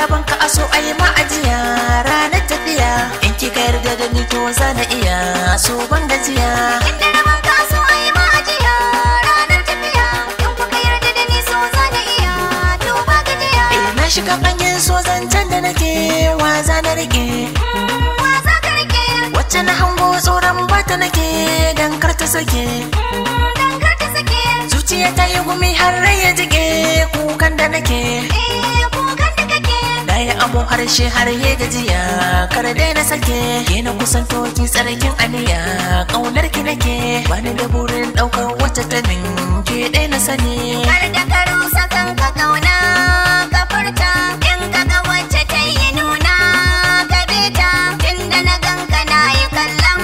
rabon ka aso a yi ma'ajiya ranar tafiya in ki ka yarda da ni to zana iya so ban gajiya so iya eh, shiga so da nake wa hmm, na hango tsoron bata nake dan hmm, sake zuciya ta yi gumi har rai ya jike kukan da nake eh abun harshe har ya gajiya kar daina sake ke na kusanto ki tsarkin aliya kaunar ki nake bani da burin daukar wata ta min ke daina sani kar da karu sakan ka kauna ka furta in ka ga wacce ta yi nuna ka tunda na ganka na yi kallon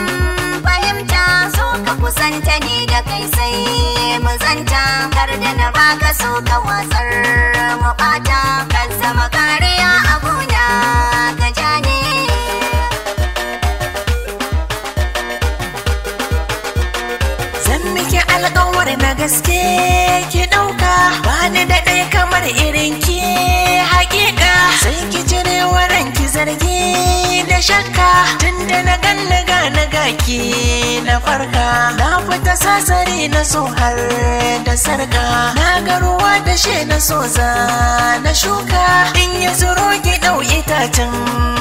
fahimta so ka kusanta ni da kai sai mu zanta kar da na baka so ka wasar mu bata alƙawar na gaske ki ɗauka bani da ɗaya kamar irin ki haƙiƙa sai ki cire waran ki zargi da shakka tunda na gan na ga na ga ki na farka na fita sasari na so har da sarka na ga ruwa da she na so za na shuka in ya zuro ki ɗau itacen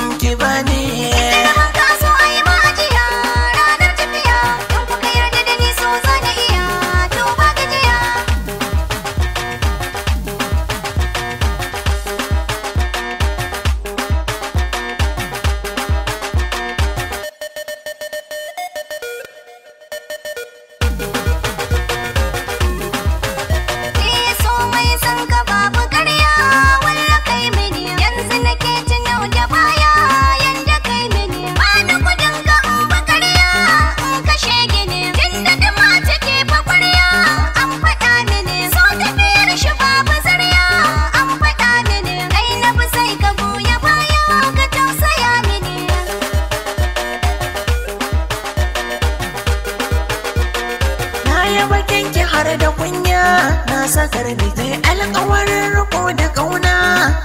sakar da kai alƙawarin riko da ƙauna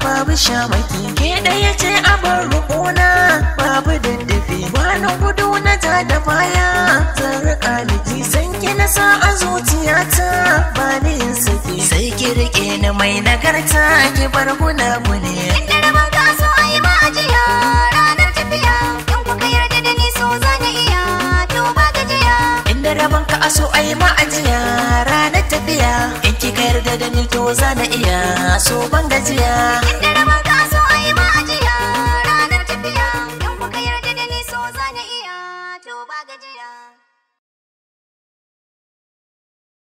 babu shamaki ke ɗaya ce abin na. babu dindifi wani gudu na ta da baya zan riƙa miki san ki na sa a zuciyata ba ni yin sai ki riƙe ni mai nagarta ki bar guna mu da ni to zana iya so ban gajiya.